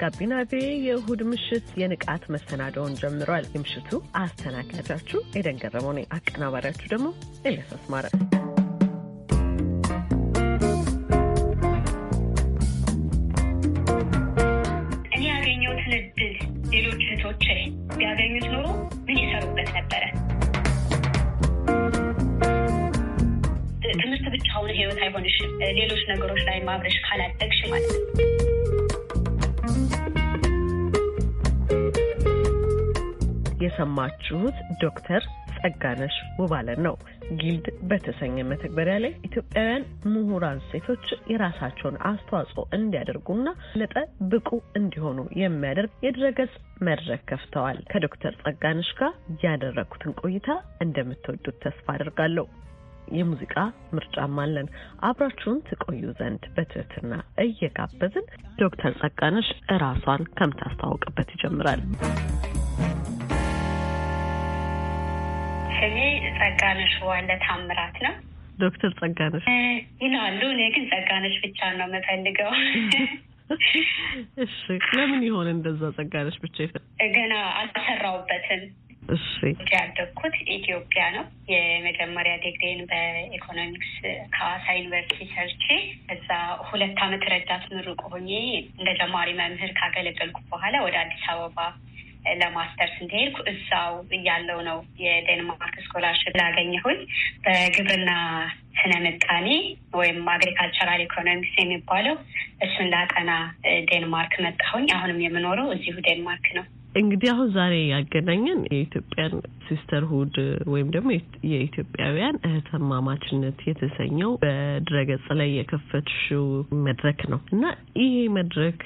ጋቢና ቪ የእሁድ ምሽት የንቃት መሰናደውን ጀምሯል። የምሽቱ አስተናጋጃችሁ ኤደን ገረመው ነኝ። አቀናባሪያችሁ ደግሞ ኤልያስ አስማረ። እኔ ያገኘሁትን እድል ሌሎች እህቶች ቢያገኙት ኖሮ ምን ይሰሩበት ነበረ? ትምህርት ብቻውን ህይወት አይሆንሽም። ሌሎች ነገሮች ላይ ማብረሽ ካላደግሽ ማለት ነው የሰማችሁት ዶክተር ጸጋነሽ ውባለን ነው። ጊልድ በተሰኘ መተግበሪያ ላይ ኢትዮጵያውያን ምሁራን ሴቶች የራሳቸውን አስተዋጽኦ እንዲያደርጉና ለጠ ብቁ እንዲሆኑ የሚያደርግ የድረገጽ መድረክ ከፍተዋል። ከዶክተር ጸጋነሽ ጋር ያደረግኩትን ቆይታ እንደምትወዱት ተስፋ አድርጋለሁ። የሙዚቃ ምርጫም አለን። አብራችሁን ትቆዩ ዘንድ በትህትና እየጋበዝን ዶክተር ጸጋነሽ እራሷን ከምታስተዋውቅበት ይጀምራል። ስሜ ጸጋነሽ ዋለ ታምራት ነው። ዶክተር ጸጋነሽ ይላሉ። እኔ ግን ጸጋነሽ ብቻ ነው የምፈልገው። እሺ፣ ለምን ይሆን እንደዛ ጸጋነሽ ብቻ? ገና አልሰራውበትም። እሺ፣ ያደግኩት ኢትዮጵያ ነው። የመጀመሪያ ዲግሪን በኢኮኖሚክስ ከሀዋሳ ዩኒቨርሲቲ ሰርቼ እዛ ሁለት አመት ረዳት ምሩቅ ሆኜ እንደ ጀማሪ መምህር ካገለገልኩ በኋላ ወደ አዲስ አበባ ለማስተር እንደሄድኩ እዛው እያለው ነው የዴንማርክ ስኮላርሽፕ ላገኘሁኝ በግብርና ስነ ምጣኔ ወይም አግሪካልቸራል ኢኮኖሚክስ የሚባለው እሱን ላጠና ዴንማርክ መጣሁኝ። አሁንም የምኖረው እዚሁ ዴንማርክ ነው። እንግዲህ አሁን ዛሬ ያገናኘን የኢትዮጵያን ሲስተርሁድ ወይም ደግሞ የኢትዮጵያውያን እህትማማችነት የተሰኘው በድረገጽ ላይ የከፈትሽው መድረክ ነው እና ይሄ መድረክ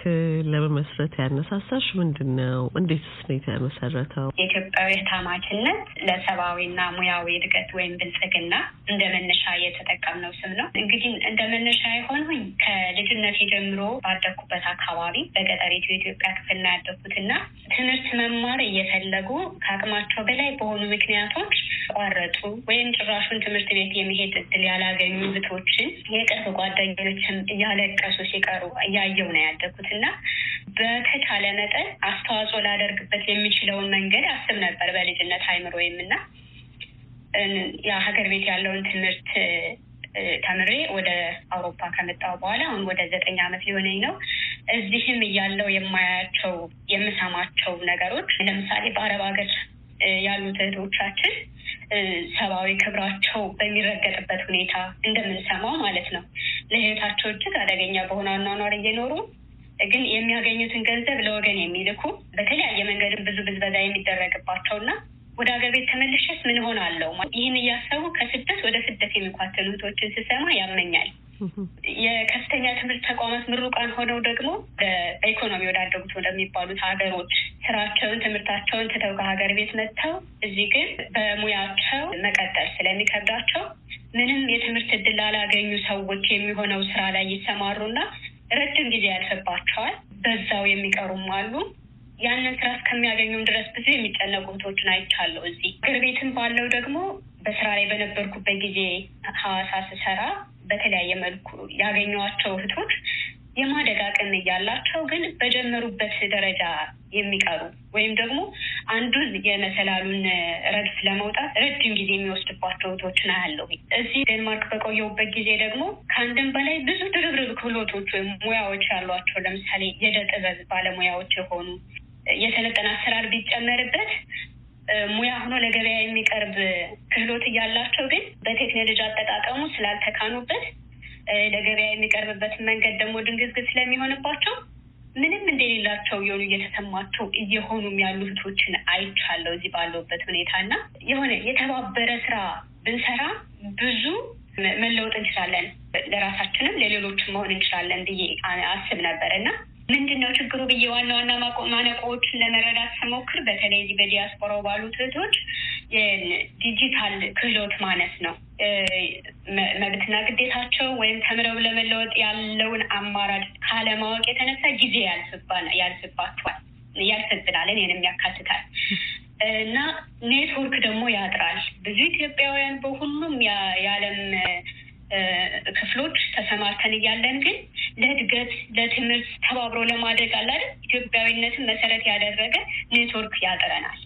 ለመመስረት ያነሳሳሽ ምንድን ነው? እንዴት ስኔት የተመሰረተው? የኢትዮጵያዊ እህትማማችነት ለሰብአዊና ሙያዊ እድገት ወይም ብልጽግና እንደ መነሻ የተጠቀምነው ስም ነው። እንግዲህ እንደ መነሻ የሆነኝ ከልጅነት ጀምሮ ባደኩበት አካባቢ በገጠሪቱ የኢትዮጵያ ክፍል ነው ያደኩትና ትምህርት ትምህርት መማር እየፈለጉ ከአቅማቸው በላይ በሆኑ ምክንያቶች ቋረጡ ወይም ጭራሹን ትምህርት ቤት የመሄድ እድል ያላገኙ እህቶችን፣ የቅርብ ጓደኞችም እያለቀሱ ሲቀሩ እያየው ነው ያደጉት እና በተቻለ መጠን አስተዋጽኦ ላደርግበት የሚችለውን መንገድ አስብ ነበር በልጅነት አይምሮዬም እና ያ ቤት ያለውን ትምህርት ተምሬ ወደ አውሮፓ ከመጣሁ በኋላ አሁን ወደ ዘጠኝ ዓመት ሊሆነኝ ነው። እዚህም እያለው የማያቸው የምሰማቸው ነገሮች ለምሳሌ በአረብ ሀገር ያሉት እህቶቻችን ሰብአዊ ክብራቸው በሚረገጥበት ሁኔታ እንደምንሰማው ማለት ነው። ለህይወታቸው እጅግ አደገኛ በሆነ አኗኗር እየኖሩ ግን የሚያገኙትን ገንዘብ ለወገን የሚልኩ በተለያየ መንገድም ብዙ ብዝበዛ የሚደረግባቸውና ወደ ሀገር ቤት ተመልሸስ ምን ሆናለሁ? ይህን እያሰቡ ከስደት ወደ ስደት የሚኳተሉ እህቶችን ስሰማ ያመኛል። የከፍተኛ ትምህርት ተቋማት ምሩቃን ሆነው ደግሞ በኢኮኖሚ ወዳደጉት ወደሚባሉት ሀገሮች ስራቸውን፣ ትምህርታቸውን ትተው ከሀገር ቤት መጥተው እዚህ ግን በሙያቸው መቀጠል ስለሚከብዳቸው ምንም የትምህርት እድል ላላገኙ ሰዎች የሚሆነው ስራ ላይ ይሰማሩና ረጅም ጊዜ ያልፈባቸዋል። በዛው የሚቀሩም አሉ። ያንን ስራ እስከሚያገኙም ድረስ ብዙ የሚጨነቁ እህቶችን አይቻለሁ። እዚህ እግር ቤትም ባለው ደግሞ በስራ ላይ በነበርኩበት ጊዜ ሀዋሳ ስሰራ በተለያየ መልኩ ያገኘኋቸው እህቶች የማደግ አቅም እያላቸው ግን በጀመሩበት ደረጃ የሚቀሩ ወይም ደግሞ አንዱን የመሰላሉን ረድፍ ለመውጣት ረጅም ጊዜ የሚወስድባቸው እህቶችን አያለሁ። እዚህ ዴንማርክ በቆየሁበት ጊዜ ደግሞ ከአንድም በላይ ብዙ ድርብርብ ክህሎቶች ወይም ሙያዎች ያሏቸው ለምሳሌ የእደ ጥበብ ባለሙያዎች የሆኑ የሰለጠነ አሰራር ቢጨመርበት ሙያ ሆኖ ለገበያ የሚቀርብ ክህሎት እያላቸው ግን በቴክኖሎጂ አጠቃቀሙ ስላልተካኑበት ለገበያ የሚቀርብበት መንገድ ደግሞ ድንግዝግዝ ስለሚሆንባቸው ምንም እንደሌላቸው የሆኑ እየተሰማቸው እየሆኑም ያሉ እህቶችን አይቻለው እዚህ ባለውበት ሁኔታ እና የሆነ የተባበረ ስራ ብንሰራ ብዙ መለወጥ እንችላለን፣ ለራሳችንም ለሌሎችም መሆን እንችላለን ብዬ አስብ ነበር እና ምንድን ነው ችግሩ ብዬ ዋና ዋና ማነቆዎችን ለመረዳት ስሞክር በተለይ ዚህ በዲያስፖራው ባሉ እህቶች ዲጂታል ክህሎት ማለት ነው። መብትና ግዴታቸው ወይም ተምረው ለመለወጥ ያለውን አማራጭ ካለማወቅ የተነሳ ጊዜ ያልፍባቸዋል፣ ያልፍብናል፣ እኔንም ያካትታል እና ኔትወርክ ደግሞ ያጥራል። ብዙ ኢትዮጵያውያን በሁሉም የዓለም ክፍሎች ተሰማርተን እያለን ግን ለእድገት ለትምህርት ተባብሮ ለማደግ አላለ ኢትዮጵያዊነትን መሰረት ያደረገ ኔትወርክ ያጠረናል።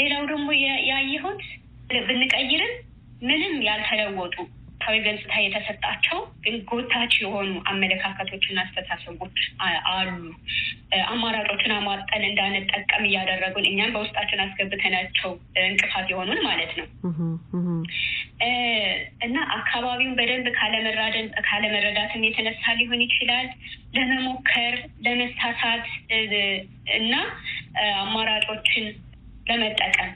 ሌላው ደግሞ ያየሁት ብንቀይርም ምንም ያልተለወጡ ታሪካዊ ገጽታ የተሰጣቸው ግን ጎታች የሆኑ አመለካከቶችና አስተሳሰቦች አሉ። አማራጮችን አሟጠን እንዳንጠቀም እያደረጉን እኛም በውስጣችን አስገብተናቸው እንቅፋት የሆኑን ማለት ነው እና አካባቢውን በደንብ ካለመረዳትም የተነሳ ሊሆን ይችላል ለመሞከር ለመሳሳት እና አማራጮችን ለመጠቀም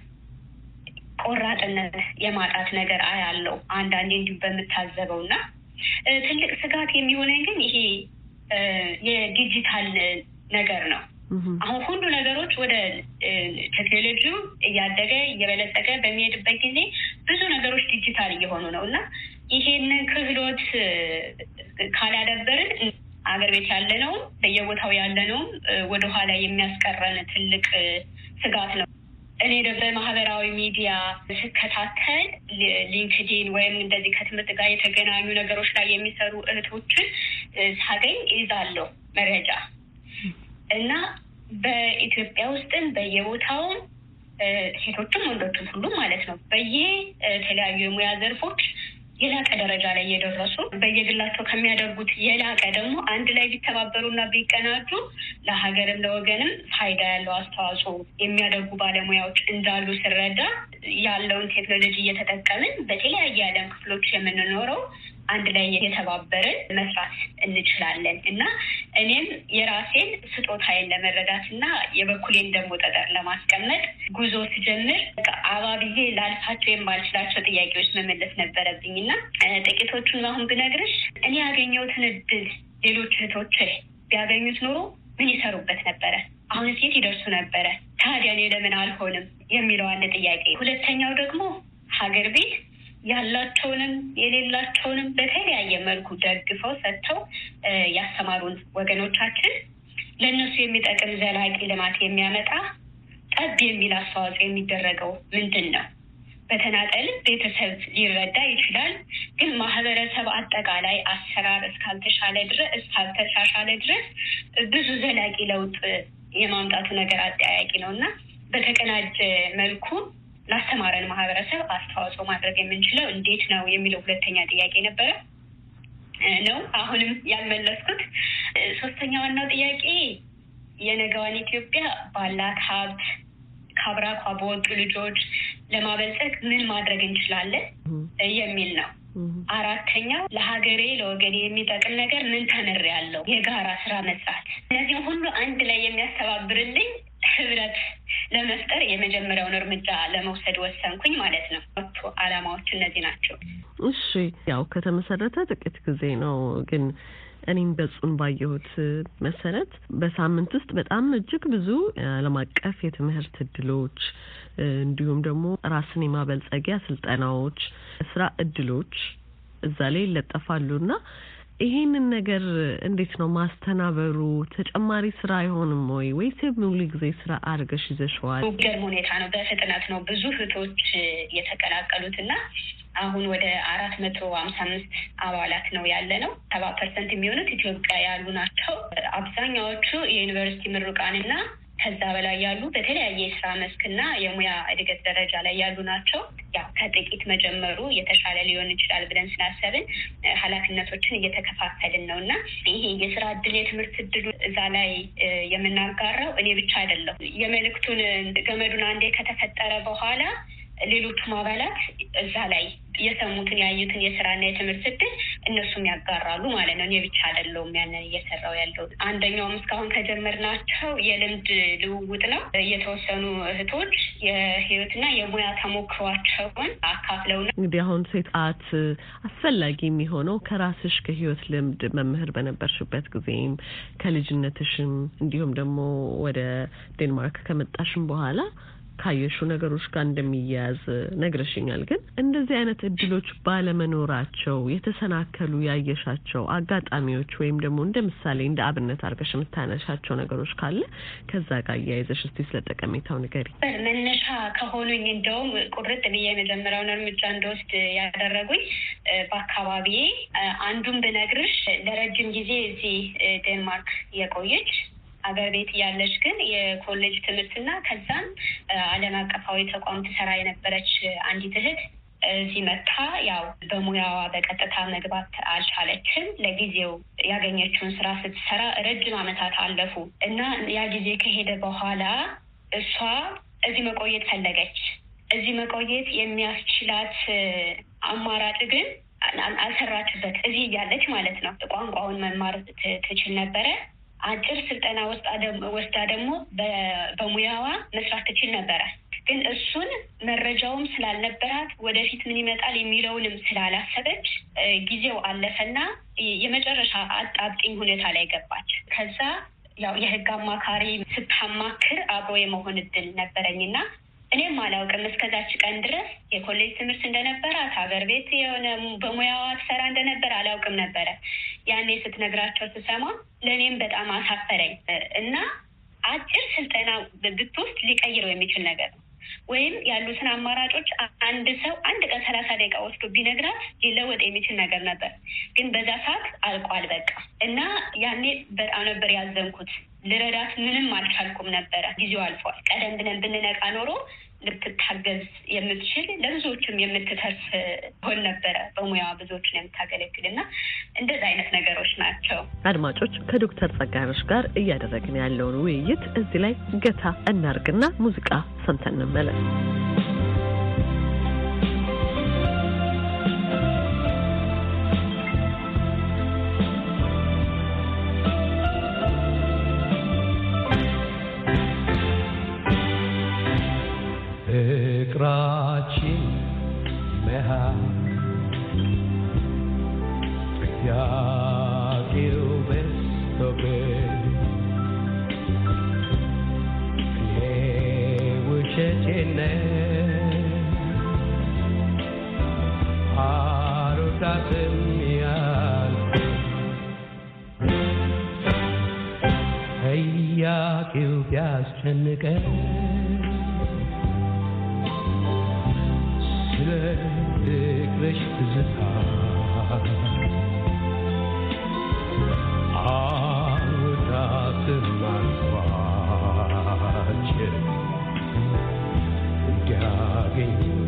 ቆራጥነት የማጣት ነገር አያለው አንዳንዴ እንዲሁ በምታዘበው እና ትልቅ ስጋት የሚሆነኝ ግን ይሄ የዲጂታል ነገር ነው። አሁን ሁሉ ነገሮች ወደ ቴክኖሎጂው እያደገ እየበለጸገ በሚሄድበት ጊዜ ብዙ ነገሮች ዲጂታል እየሆኑ ነው እና ይሄንን ክህሎት ካላደበርን አገር ቤት ያለነውም በየቦታው ያለነውም ወደኋላ የሚያስቀረን ትልቅ ስጋት ነው። እኔ በማህበራዊ ሚዲያ ስከታተል ሊንክዲን ወይም እንደዚህ ከትምህርት ጋር የተገናኙ ነገሮች ላይ የሚሰሩ እህቶችን ሳገኝ ይዛለሁ መረጃ እና በኢትዮጵያ ውስጥም በየቦታውም ሴቶችም ወንዶችም ሁሉም ማለት ነው በየ የተለያዩ የሙያ ዘርፎች የላቀ ደረጃ ላይ እየደረሱ በየግላቸው ከሚያደርጉት የላቀ ደግሞ አንድ ላይ ቢተባበሩና ቢቀናጁ ለሀገርም ለወገንም ፋይዳ ያለው አስተዋጽኦ የሚያደርጉ ባለሙያዎች እንዳሉ ስረዳ ያለውን ቴክኖሎጂ እየተጠቀምን በተለያየ አለም ክፍሎች የምንኖረው አንድ ላይ የተባበርን መስራት እንችላለን እና እኔም የራሴን ስጦታዬን ለመረዳት እና የበኩሌን ደግሞ ጠጠር ለማስቀመጥ ጉዞ ስጀምር አባብዬ ላልፋቸው የማልችላቸው ጥያቄዎች መመለስ ነበረብኝ እና ጥቂቶቹን አሁን ብነግርሽ እኔ ያገኘሁትን እድል ሌሎች እህቶች ቢያገኙት ኖሮ ምን ይሰሩበት ነበረ? አሁን ሴት ይደርሱ ነበረ? ታዲያ እኔ ለምን አልሆንም የሚለው አንድ ጥያቄ። ሁለተኛው ደግሞ ሀገር ቤት ያላቸውንም የሌላቸውንም በተለያየ መልኩ ደግፈው ሰጥተው ያስተማሩን ወገኖቻችን ለእነሱ የሚጠቅም ዘላቂ ልማት የሚያመጣ ጠብ የሚል አስተዋጽኦ የሚደረገው ምንድን ነው? በተናጠልም ቤተሰብ ሊረዳ ይችላል። ግን ማህበረሰብ አጠቃላይ አሰራር እስካልተሻለ ድረስ እስካልተሻሻለ ድረስ ብዙ ዘላቂ ለውጥ የማምጣቱ ነገር አጠያያቂ ነው እና በተቀናጀ መልኩ ላስተማረን ማህበረሰብ አስተዋጽኦ ማድረግ የምንችለው እንዴት ነው የሚለው ሁለተኛ ጥያቄ ነበረ ነው አሁንም ያልመለስኩት። ሶስተኛ ዋናው ጥያቄ የነገዋን ኢትዮጵያ ባላት ሀብት ከአብራኳ በወጡ ልጆች ለማበልጸግ ምን ማድረግ እንችላለን የሚል ነው። አራተኛው ለሀገሬ ለወገኔ የሚጠቅም ነገር ምን ተምር ያለው የጋራ ስራ መስራት። እነዚህም ሁሉ አንድ ላይ የሚያስተባብርልኝ ህብረት ለመፍጠር የመጀመሪያውን እርምጃ ለመውሰድ ወሰንኩኝ ማለት ነው። አላማዎች እነዚህ ናቸው። እሺ፣ ያው ከተመሰረተ ጥቂት ጊዜ ነው ግን እኔም ገጹን ባየሁት መሰረት በሳምንት ውስጥ በጣም እጅግ ብዙ ዓለም አቀፍ የትምህርት እድሎች እንዲሁም ደግሞ ራስን የማበልጸጊያ ስልጠናዎች፣ ስራ እድሎች እዛ ላይ ይለጠፋሉ እና ይሄንን ነገር እንዴት ነው ማስተናበሩ? ተጨማሪ ስራ አይሆንም ወይ ወይስ ሙሉ ጊዜ ስራ አድርገሽ ይዘሸዋል? የሚገርም ሁኔታ ነው። በፍጥነት ነው ብዙ እህቶች የተቀላቀሉትና አሁን ወደ አራት መቶ ሀምሳ አምስት አባላት ነው ያለ ነው። ሰባ ፐርሰንት የሚሆኑት ኢትዮጵያ ያሉ ናቸው። አብዛኛዎቹ የዩኒቨርሲቲ ምሩቃን ምሩቃንና ከዛ በላይ ያሉ በተለያየ የስራ መስክና የሙያ እድገት ደረጃ ላይ ያሉ ናቸው። ያው ከጥቂት መጀመሩ የተሻለ ሊሆን ይችላል ብለን ስላሰብን ኃላፊነቶችን እየተከፋፈልን ነው እና ይሄ የስራ እድል የትምህርት እድሉ እዛ ላይ የምናጋራው እኔ ብቻ አይደለሁ። የመልእክቱን ገመዱን አንዴ ከተፈጠረ በኋላ ሌሎቹም አባላት እዛ ላይ የሰሙትን ያዩትን የስራና የትምህርት እድል እነሱም ያጋራሉ ማለት ነው። እኔ ብቻ አይደለሁም ያንን እየሰራው ያለው። አንደኛውም እስካሁን ከጀመርናቸው የልምድ ልውውጥ ነው። የተወሰኑ እህቶች የህይወትና የሙያ ተሞክሯቸውን አካፍለው ነው። እንግዲህ አሁን ሴት አስፈላጊ የሚሆነው ከራስሽ ከህይወት ልምድ መምህር በነበርሽበት ጊዜም ከልጅነትሽም እንዲሁም ደግሞ ወደ ዴንማርክ ከመጣሽም በኋላ ካየሹ ነገሮች ጋር እንደሚያያዝ ነግረሽኛል። ግን እንደዚህ አይነት እድሎች ባለመኖራቸው የተሰናከሉ ያየሻቸው አጋጣሚዎች ወይም ደግሞ እንደ ምሳሌ እንደ አብነት አድርገሽ የምታነሻቸው ነገሮች ካለ ከዛ ጋር እያይዘሽ እስቲ ስለ ጠቀሜታው ንገሪ። መነሻ ከሆኑኝ እንደውም ቁርጥ ብዬ የመጀመሪያውን እርምጃ እንደወስድ ያደረጉኝ በአካባቢ አንዱን ብነግርሽ ለረጅም ጊዜ እዚህ ዴንማርክ የቆየች አገር ቤት እያለች ግን የኮሌጅ ትምህርትና ከዛም ዓለም አቀፋዊ ተቋም ትሰራ የነበረች አንዲት እህት እዚህ መታ ያው በሙያዋ በቀጥታ መግባት አልቻለችም። ለጊዜው ያገኘችውን ስራ ስትሰራ ረጅም ዓመታት አለፉ እና ያ ጊዜ ከሄደ በኋላ እሷ እዚህ መቆየት ፈለገች። እዚህ መቆየት የሚያስችላት አማራጭ ግን አልሰራችበት። እዚህ እያለች ማለት ነው። ቋንቋውን መማር ትችል ነበረ። አጭር ስልጠና ወስዳ ደግሞ በሙያዋ መስራት ትችል ነበረ። ግን እሱን መረጃውም ስላልነበራት ወደፊት ምን ይመጣል የሚለውንም ስላላሰበች ጊዜው አለፈና የመጨረሻ አጣብቂኝ ሁኔታ ላይ ገባች። ከዛ ያው የህግ አማካሪ ስታማክር አብሮ የመሆን እድል ነበረኝና እኔም አላውቅም እስከዛች ቀን ድረስ የኮሌጅ ትምህርት እንደነበራት ሀገር ቤት የሆነ በሙያዋ ትሰራ እንደነበር አላውቅም ነበረ። ያኔ ስትነግራቸው ስሰማ ለእኔም በጣም አሳፈረኝ እና አጭር ስልጠና ብትወስድ ሊቀይረው የሚችል ነገር ነው። ወይም ያሉትን አማራጮች አንድ ሰው አንድ ቀን ሰላሳ ደቂቃ ወስዶ ቢነግራት ሊለወጥ የሚችል ነገር ነበር። ግን በዛ ሰዓት አልቋል በቃ እና ያኔ በጣም ነበር ያዘንኩት። ልረዳት ምንም አልቻልኩም ነበረ። ጊዜው አልፏል። ቀደም ብለን ብንነቃ ኖሮ ልትታገዝ የምትችል ለብዙዎችም የምትተርፍ ሆን ነበረ። በሙያዋ ብዙዎችን የምታገለግል እና እንደዚህ አይነት ነገሮች ናቸው። አድማጮች ከዶክተር ጸጋነሽ ጋር እያደረግን ያለውን ውይይት እዚህ ላይ ገታ እናርግና ሙዚቃ ሰምተን እንመለስ። me.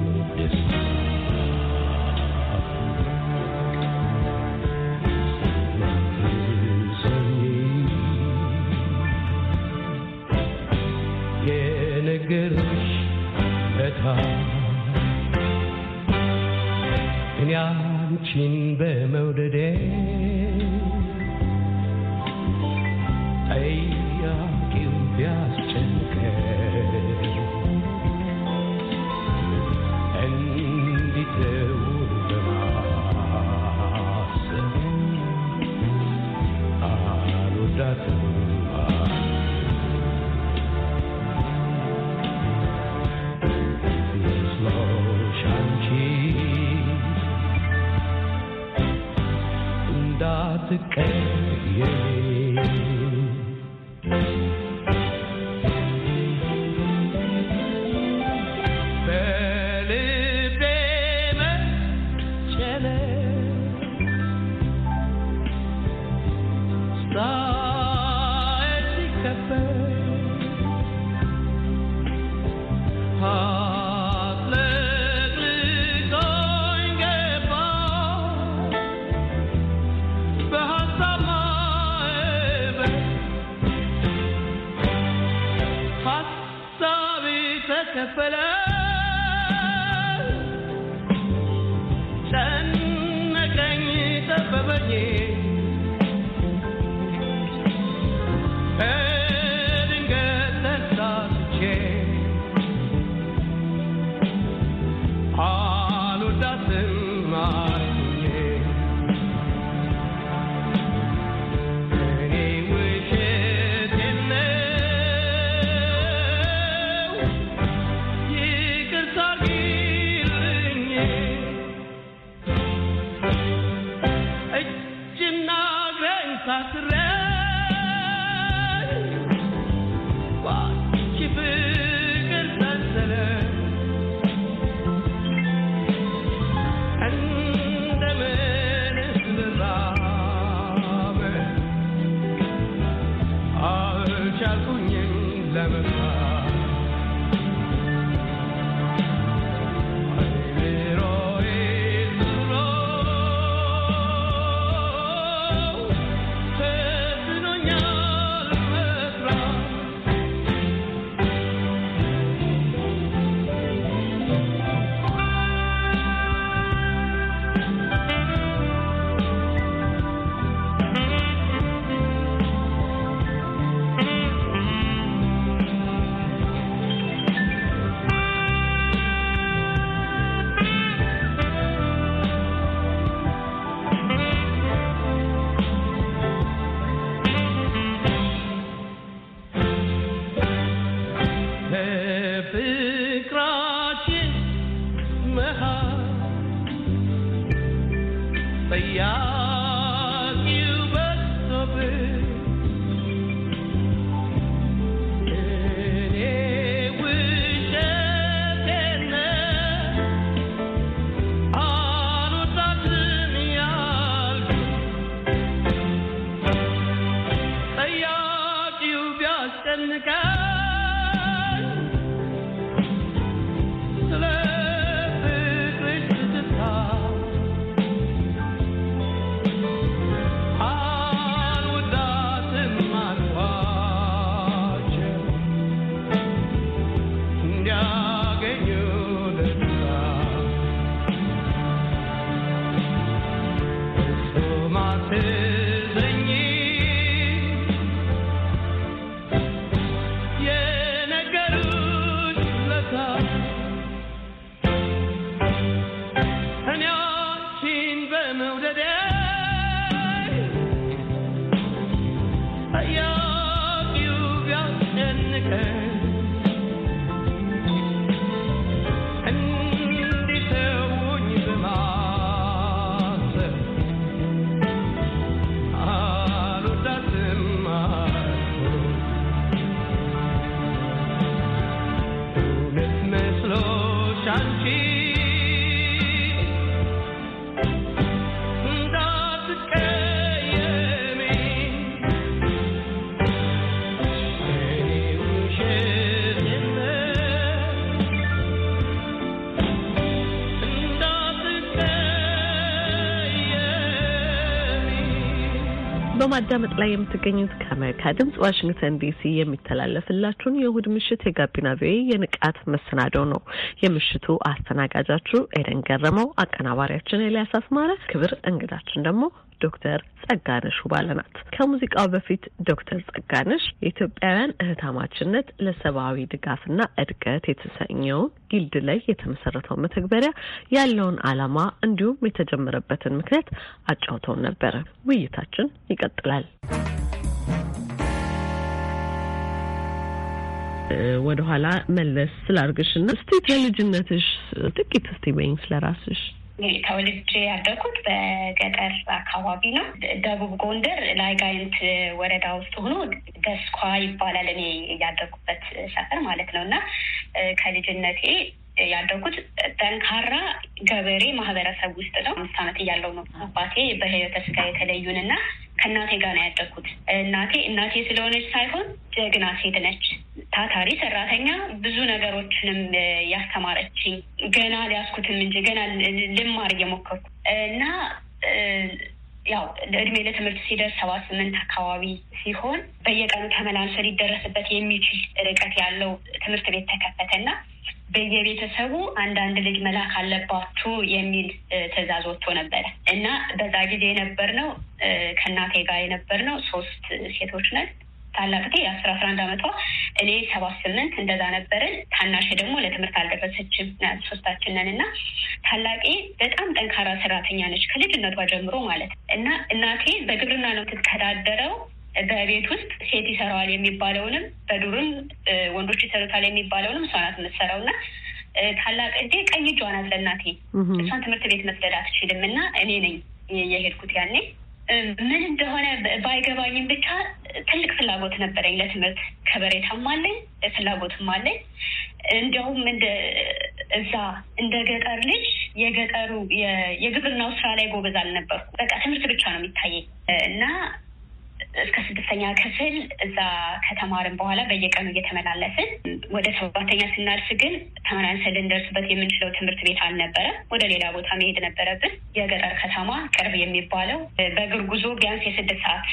በማዳመጥ ላይ የምትገኙት ከአሜሪካ ድምጽ ዋሽንግተን ዲሲ የሚተላለፍላችሁን የእሁድ ምሽት የጋቢና ቪኦኤ የንቃት መሰናደው ነው። የምሽቱ አስተናጋጃችሁ ኤደን ገረመው፣ አቀናባሪያችን ኤልያስ አስማረ፣ ክብር እንግዳችን ደግሞ ዶክተር ጸጋነሽ ውባለ ናት። ከሙዚቃው በፊት ዶክተር ጸጋነሽ የኢትዮጵያውያን እህታማችነት ለሰብአዊ ድጋፍና እድገት የተሰኘውን ጊልድ ላይ የተመሰረተው መተግበሪያ ያለውን ዓላማ እንዲሁም የተጀመረበትን ምክንያት አጫውተውን ነበረ። ውይይታችን ይቀጥላል። ወደኋላ መለስ ስላርግሽና እና እስቲ ጥቂት እስቲ በይኝ ስለ ራስሽ። ተወልጄ ያደኩት በገጠር አካባቢ ነው። ደቡብ ጎንደር ላይጋይንት ወረዳ ውስጥ ሆኖ ደስኳ ይባላል እኔ ያደኩበት ሰፈር ማለት ነው እና ከልጅነቴ ያደጉት ጠንካራ ገበሬ ማህበረሰብ ውስጥ ነው። አምስት ዓመት እያለው ነው አባቴ በህይወተ ስጋ የተለዩን እና ከእናቴ ጋር ነው ያደርኩት። እናቴ እናቴ ስለሆነች ሳይሆን ጀግና ሴት ነች። ታታሪ ሰራተኛ፣ ብዙ ነገሮችንም ያስተማረችኝ ገና ሊያስኩትም እንጂ ገና ልማር እየሞከርኩ እና ያው እድሜ ለትምህርት ሲደርስ ሰባ ስምንት አካባቢ ሲሆን በየቀኑ ተመላልሶ ሊደረስበት የሚችል ርቀት ያለው ትምህርት ቤት ተከፈተና በየቤተሰቡ አንዳንድ ልጅ መላክ አለባችሁ የሚል ትዕዛዝ ወጥቶ ነበረ እና በዛ ጊዜ የነበርነው ከእናቴ ጋር የነበርነው ሶስት ሴቶች ነን። ታላቅቴ የአስር አስራ አንድ አመቷ እኔ ሰባት ስምንት እንደዛ ነበርን። ታናሽ ደግሞ ለትምህርት አልደረሰችም። ሶስታችን ነን እና ታላቄ በጣም ጠንካራ ሰራተኛ ነች ከልጅነቷ ጀምሮ ማለት እና እናቴ በግብርና ነው የምትተዳደረው በቤት ውስጥ ሴት ይሰራዋል የሚባለውንም በዱርም ወንዶች ይሰሩታል የሚባለውንም እሷ ናት የምትሰራው እና ታላቅ እጄ ቀኝ እጇ ናት ለእናቴ። እሷን ትምህርት ቤት መጥለድ አትችልም እና እኔ ነኝ የሄድኩት ያኔ ምን እንደሆነ ባይገባኝም ብቻ ትልቅ ፍላጎት ነበረኝ ለትምህርት። ከበሬታም አለኝ ፍላጎትም አለኝ። እንዲያውም እንደ እዛ እንደ ገጠር ልጅ የገጠሩ የግብርናው ስራ ላይ ጎበዝ አልነበርኩ በቃ ትምህርት ብቻ ነው የሚታየኝ እና እስከ ስድስተኛ ክፍል እዛ ከተማርን በኋላ በየቀኑ እየተመላለስን ወደ ሰባተኛ ስናርስ ግን ተመላልሰን ልንደርስበት የምንችለው ትምህርት ቤት አልነበረ። ወደ ሌላ ቦታ መሄድ ነበረብን። የገጠር ከተማ ቅርብ የሚባለው በእግር ጉዞ ቢያንስ የስድስት ሰዓት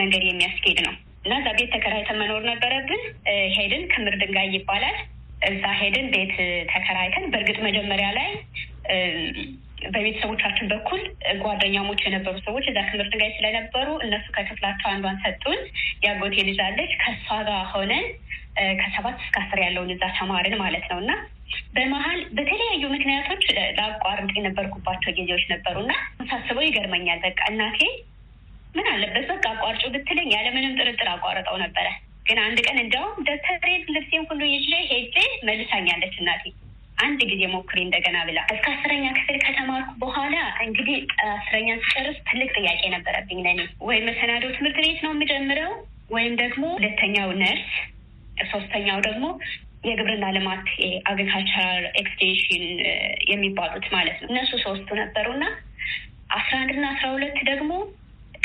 መንገድ የሚያስኬድ ነው እና እዛ ቤት ተከራይተን መኖር ነበረብን። ሄድን ክምር ድንጋይ ይባላል። እዛ ሄድን ቤት ተከራይተን በእርግጥ መጀመሪያ ላይ በቤተሰቦቻችን በኩል ጓደኛሞች የነበሩ ሰዎች እዛ ትምህርት ላይ ስለነበሩ እነሱ ከክፍላቸው አንዷን ሰጡን። የአጎቴ ልጅ አለች። ከእሷ ጋር ሆነን ከሰባት እስከ አስር ያለውን እዛ ተማርን ማለት ነው እና በመሀል በተለያዩ ምክንያቶች ለአቋርጥ የነበርኩባቸው ጊዜዎች ነበሩ እና ሳስበው ይገርመኛል። በቃ እናቴ ምን አለበት በቃ አቋርጩ ብትለኝ ያለምንም ጥርጥር አቋርጠው ነበረ። ግን አንድ ቀን እንዲያውም ደብተሬን ልብሴን ሁሉ ይዤ ሄጄ መልሳኛለች እናቴ አንድ ጊዜ ሞክሪ እንደገና ብላ እስከ አስረኛ ክፍል ከተማርኩ በኋላ እንግዲህ አስረኛ ስጨርስ ትልቅ ጥያቄ ነበረብኝ ለኔ። ወይ መሰናዶ ትምህርት ቤት ነው የሚጀምረው ወይም ደግሞ ሁለተኛው ነርስ፣ ሶስተኛው ደግሞ የግብርና ልማት አግሪካልቸራል ኤክስቴንሽን የሚባሉት ማለት ነው። እነሱ ሶስቱ ነበሩና አስራ አንድ እና አስራ ሁለት ደግሞ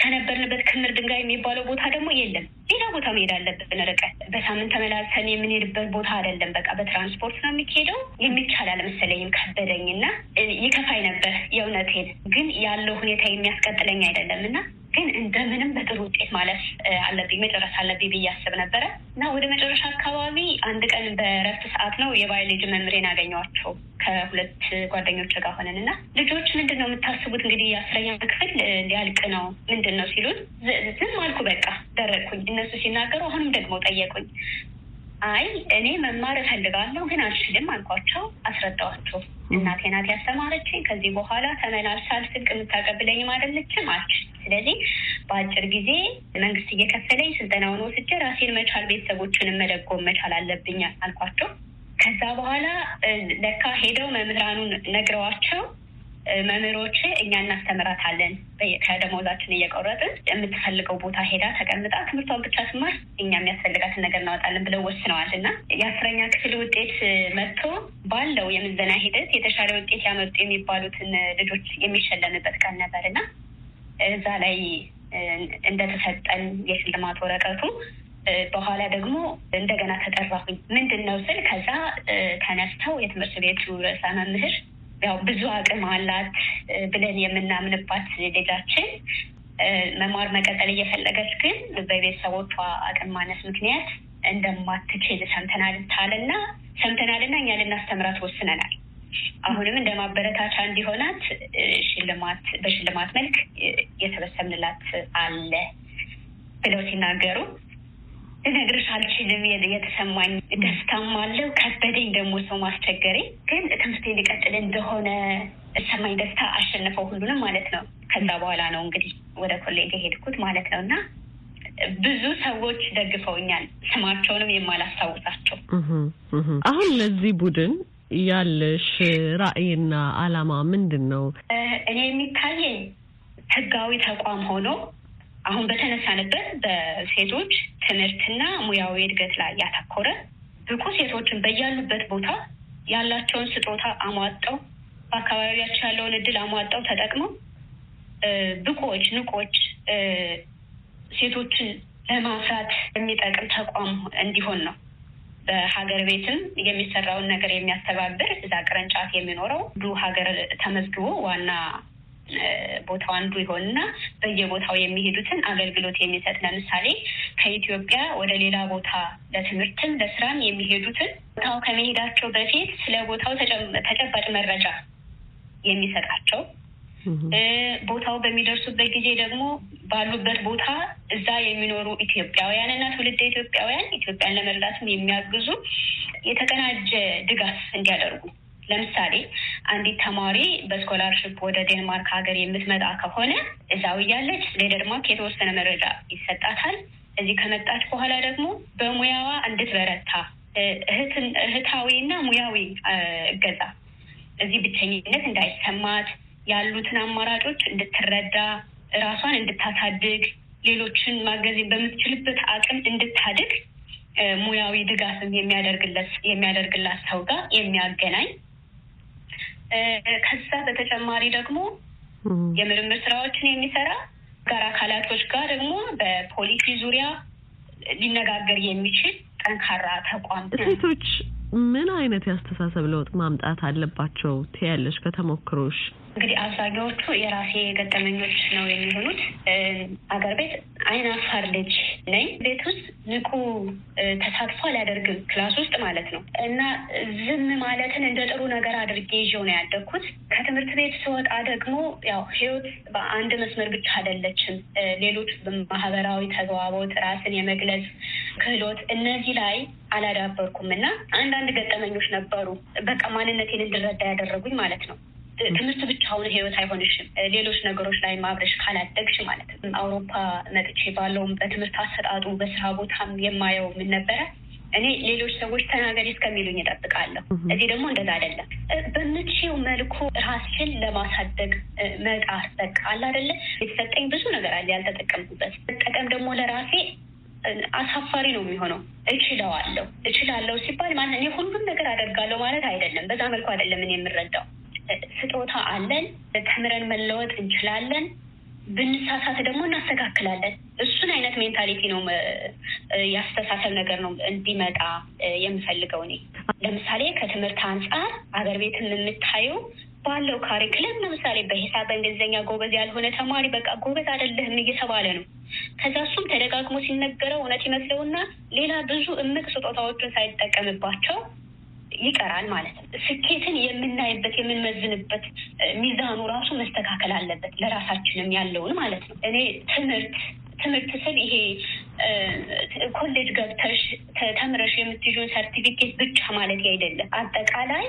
ከነበርንበት ክምር ድንጋይ የሚባለው ቦታ ደግሞ የለም። ሌላ ቦታ መሄድ አለብን። ርቀት በሳምንት ተመላልሰን የምንሄድበት ቦታ አይደለም። በቃ በትራንስፖርት ነው የሚሄደው። የሚቻል አልመሰለኝም ከበደኝ እና ይከፋይ ነበር የእውነቴን። ግን ያለው ሁኔታ የሚያስቀጥለኝ አይደለም እና ግን እንደምንም በጥሩ ውጤት ማለፍ አለብኝ መጨረስ አለብኝ ብዬ አስብ ነበረ እና ወደ መጨረሻ አካባቢ አንድ ቀን በእረፍት ሰዓት ነው የባዮሎጂ መምሬን አገኘኋቸው ከሁለት ጓደኞች ጋር ሆነን እና ልጆች ምንድን ነው የምታስቡት እንግዲህ የአስረኛ ክፍል ሊያልቅ ነው ምንድን ነው ሲሉን ዝም አልኩ። በቃ ደረግኩኝ እነሱ ሲናገሩ አሁንም ደግሞ ጠየቁኝ። አይ እኔ መማር እፈልጋለሁ ግን አልችልም አልኳቸው፣ አስረዳኋቸው። እናቴ ናት ያስተማረችኝ። ከዚህ በኋላ ተመላልሳል ስልክ የምታቀብለኝም አይደለችም፣ አልችልም። ስለዚህ በአጭር ጊዜ መንግስት እየከፈለኝ ስልጠናውን ወስጄ ራሴን መቻል፣ ቤተሰቦችንም መደጎም መቻል አለብኝ አልኳቸው። ከዛ በኋላ ለካ ሄደው መምህራኑን ነግረዋቸው መምህሮቼ እኛ እናስተምራታለን ከደሞዛችን እየቆረጥን የምትፈልገው ቦታ ሄዳ ተቀምጣ ትምህርቷን ብቻ ስማር እኛ የሚያስፈልጋትን ነገር እናወጣለን ብለው ወስነዋል እና የአስረኛ ክፍል ውጤት መጥቶ ባለው የምዘና ሂደት የተሻለ ውጤት ያመጡ የሚባሉትን ልጆች የሚሸለምበት ቀን ነበር እና እዛ ላይ እንደተሰጠን የሽልማት ወረቀቱ በኋላ ደግሞ እንደገና ተጠራሁኝ። ምንድን ነው ስል ከዛ ተነስተው የትምህርት ቤቱ ርዕሰ መምህር ያው ብዙ አቅም አላት ብለን የምናምንባት ልጃችን መማር መቀጠል እየፈለገች ግን በቤተሰቦቿ አቅም ማነስ ምክንያት እንደማትችል ሰምተናልታልና ሰምተናልና እኛ ልናስተምራት ወስነናል። አሁንም እንደ ማበረታቻ እንዲሆናት ሽልማት በሽልማት መልክ የተበሰምንላት አለ ብለው ሲናገሩ ልነግርሽ አልችልም። የተሰማኝ ደስታም አለው ከበደኝ ደግሞ ሰው ማስቸገሬ፣ ግን ትምህርቴ ሊቀጥል እንደሆነ እሰማኝ ደስታ አሸንፈው ሁሉንም ማለት ነው። ከዛ በኋላ ነው እንግዲህ ወደ ኮሌጅ የሄድኩት ማለት ነው እና ብዙ ሰዎች ደግፈውኛል። ስማቸውንም የማላስታውሳቸው። አሁን ለዚህ ቡድን ያለሽ ራዕይና አላማ ምንድን ነው? እኔ የሚታየኝ ህጋዊ ተቋም ሆኖ አሁን በተነሳንበት በሴቶች ትምህርትና ሙያዊ እድገት ላይ ያተኮረ ብቁ ሴቶችን በያሉበት ቦታ ያላቸውን ስጦታ አሟጠው በአካባቢያቸው ያለውን እድል አሟጠው ተጠቅመው ብቁዎች፣ ንቆች ሴቶችን ለማፍራት የሚጠቅም ተቋም እንዲሆን ነው። በሀገር ቤትም የሚሰራውን ነገር የሚያስተባብር እዛ ቅርንጫፍ የሚኖረው ዱ ሀገር ተመዝግቦ ዋና ቦታው አንዱ ይሆንና በየቦታው የሚሄዱትን አገልግሎት የሚሰጥ ለምሳሌ ከኢትዮጵያ ወደ ሌላ ቦታ ለትምህርትም ለስራም የሚሄዱትን ቦታው ከመሄዳቸው በፊት ስለ ቦታው ተጨባጭ መረጃ የሚሰጣቸው ቦታው በሚደርሱበት ጊዜ ደግሞ ባሉበት ቦታ እዛ የሚኖሩ ኢትዮጵያውያን እና ትውልደ ኢትዮጵያውያን ኢትዮጵያን ለመርዳትም የሚያግዙ የተቀናጀ ድጋፍ እንዲያደርጉ ለምሳሌ አንዲት ተማሪ በስኮላርሽፕ ወደ ዴንማርክ ሀገር የምትመጣ ከሆነ እዛው እያለች ለዴንማርክ የተወሰነ መረጃ ይሰጣታል። እዚህ ከመጣች በኋላ ደግሞ በሙያዋ እንድትበረታ እህታዊና ሙያዊ እገዛ፣ እዚህ ብቸኝነት እንዳይሰማት ያሉትን አማራጮች እንድትረዳ፣ ራሷን እንድታሳድግ፣ ሌሎችን ማገዝ በምትችልበት አቅም እንድታድግ ሙያዊ ድጋፍም የሚያደርግላት ሰው ጋር የሚያገናኝ ከዛ በተጨማሪ ደግሞ የምርምር ስራዎችን የሚሰራ ጋር አካላቶች ጋር ደግሞ በፖሊሲ ዙሪያ ሊነጋገር የሚችል ጠንካራ ተቋም። ሴቶች ምን አይነት ያስተሳሰብ ለውጥ ማምጣት አለባቸው ትያለሽ ከተሞክሮሽ? እንግዲህ አብዛኛዎቹ የራሴ ገጠመኞች ነው የሚሆኑት። አገር ቤት አይን አፋር ልጅ ነኝ። ቤት ውስጥ ንቁ ተሳትፎ አላደርግም፣ ክላስ ውስጥ ማለት ነው እና ዝም ማለትን እንደ ጥሩ ነገር አድርጌ ይዤው ነው ያደግኩት። ከትምህርት ቤት ስወጣ ደግሞ ያው ህይወት በአንድ መስመር ብቻ አይደለችም። ሌሎች ማህበራዊ ተግባቦት፣ ራስን የመግለጽ ክህሎት እነዚህ ላይ አላዳበርኩም እና አንዳንድ ገጠመኞች ነበሩ፣ በቃ ማንነቴን እንድረዳ ያደረጉኝ ማለት ነው። ትምህርት ብቻውን ህይወት አይሆንሽም። ሌሎች ነገሮች ላይ ማብረሽ ካላደግሽ ማለት ነው። አውሮፓ መጥቼ ባለውም በትምህርት አሰጣጡ በስራ ቦታም የማየው ምን ነበረ እኔ ሌሎች ሰዎች ተናገሪ እስከሚሉኝ እጠብቃለሁ። እዚህ ደግሞ እንደዛ አይደለም። በምችው መልኩ ራስሽን ለማሳደግ መጣር በቃ አለ አይደለ። የተሰጠኝ ብዙ ነገር አለ ያልተጠቀምኩበት። መጠቀም ደግሞ ለራሴ አሳፋሪ ነው የሚሆነው። እችለዋለሁ እችላለሁ ሲባል ማለት እኔ ሁሉም ነገር አደርጋለሁ ማለት አይደለም። በዛ መልኩ አይደለም እኔ የምረዳው ስጦታ አለን። ተምረን መለወጥ እንችላለን። ብንሳሳት ደግሞ እናስተካክላለን። እሱን አይነት ሜንታሊቲ ነው ያስተሳሰብ ነገር ነው እንዲመጣ የምፈልገው እኔ። ለምሳሌ ከትምህርት አንጻር አገር ቤትም የምታየው ባለው ካሪክለም ለምሳሌ በሂሳብ በእንግሊዝኛ ጎበዝ ያልሆነ ተማሪ በቃ ጎበዝ አይደለህም እየተባለ ነው። ከዛ እሱም ተደጋግሞ ሲነገረው እውነት ይመስለውና ሌላ ብዙ እምቅ ስጦታዎችን ሳይጠቀምባቸው ይቀራል ማለት ነው። ስኬትን የምናይበት የምንመዝንበት ሚዛኑ ራሱ መስተካከል አለበት፣ ለራሳችንም ያለውን ማለት ነው። እኔ ትምህርት ትምህርት ስል ይሄ ኮሌጅ ገብተሽ ተምረሽ የምትይዥውን ሰርቲፊኬት ብቻ ማለት አይደለም። አጠቃላይ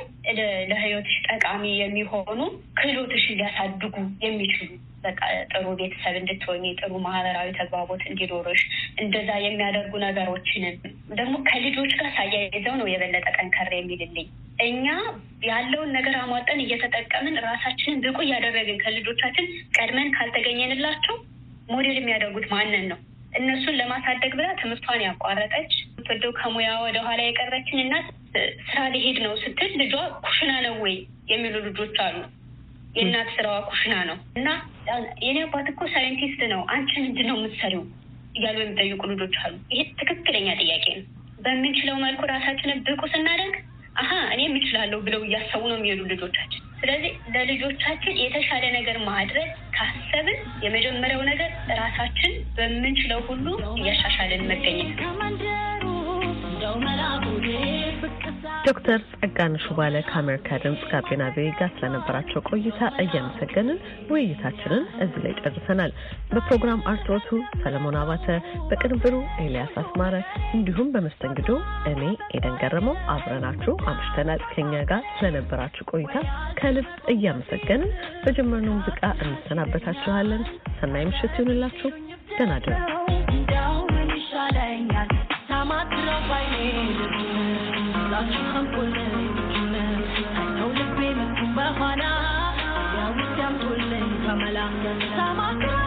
ለህይወትሽ ጠቃሚ የሚሆኑ ክህሎትሽን ሊያሳድጉ የሚችሉ በቃ ጥሩ ቤተሰብ እንድትሆኝ ጥሩ ማህበራዊ ተግባቦት እንዲኖርሽ እንደዛ የሚያደርጉ ነገሮችንም ደግሞ ከልጆች ጋር ሳያይዘው ነው የበለጠ ጠንከር የሚልልኝ። እኛ ያለውን ነገር አሟጠን እየተጠቀምን ራሳችንን ብቁ እያደረግን ከልጆቻችን ቀድመን ካልተገኘንላቸው ሞዴል የሚያደርጉት ማንን ነው? እነሱን ለማሳደግ ብላ ትምህርቷን ያቋረጠች ፍዶ ከሙያ ወደኋላ የቀረችን እናት ስራ ሊሄድ ነው ስትል ልጇ ኩሽና ነው ወይ የሚሉ ልጆች አሉ። የእናት ስራዋ ኩሽና ነው እና የኔ አባት እኮ ሳይንቲስት ነው፣ አንቺ ምንድን ነው የምትሰሪው እያሉ የሚጠይቁ ልጆች አሉ። ይህ ትክክለኛ ጥያቄ ነው። በምንችለው መልኩ ራሳችንን ብቁ ስናደርግ አሀ እኔ የምችላለሁ ብለው እያሰቡ ነው የሚሄዱ ልጆቻችን። ስለዚህ ለልጆቻችን የተሻለ ነገር ማድረግ ካሰብን የመጀመሪያው ነገር ራሳችን በምንችለው ሁሉ እያሻሻልን መገኘት ነው። ዶክተር ጸጋነሽ ባለ ከአሜሪካ ድምጽ ጋቢና ቪ ጋር ስለነበራቸው ቆይታ እያመሰገንን ውይይታችንን እዚህ ላይ ጨርሰናል። በፕሮግራም አርትዖቱ ሰለሞን አባተ፣ በቅንብሩ ኤልያስ አስማረ እንዲሁም በመስተንግዶ እኔ ኤደን ገረመው አብረናችሁ አምሽተናል። ከኛ ጋር ስለነበራችሁ ቆይታ ከልብ እያመሰገንን በጀመርነው ሙዚቃ እንሰናበታችኋለን። ሰናይ ምሽት ይሁንላችሁ። ደህና I Samantha.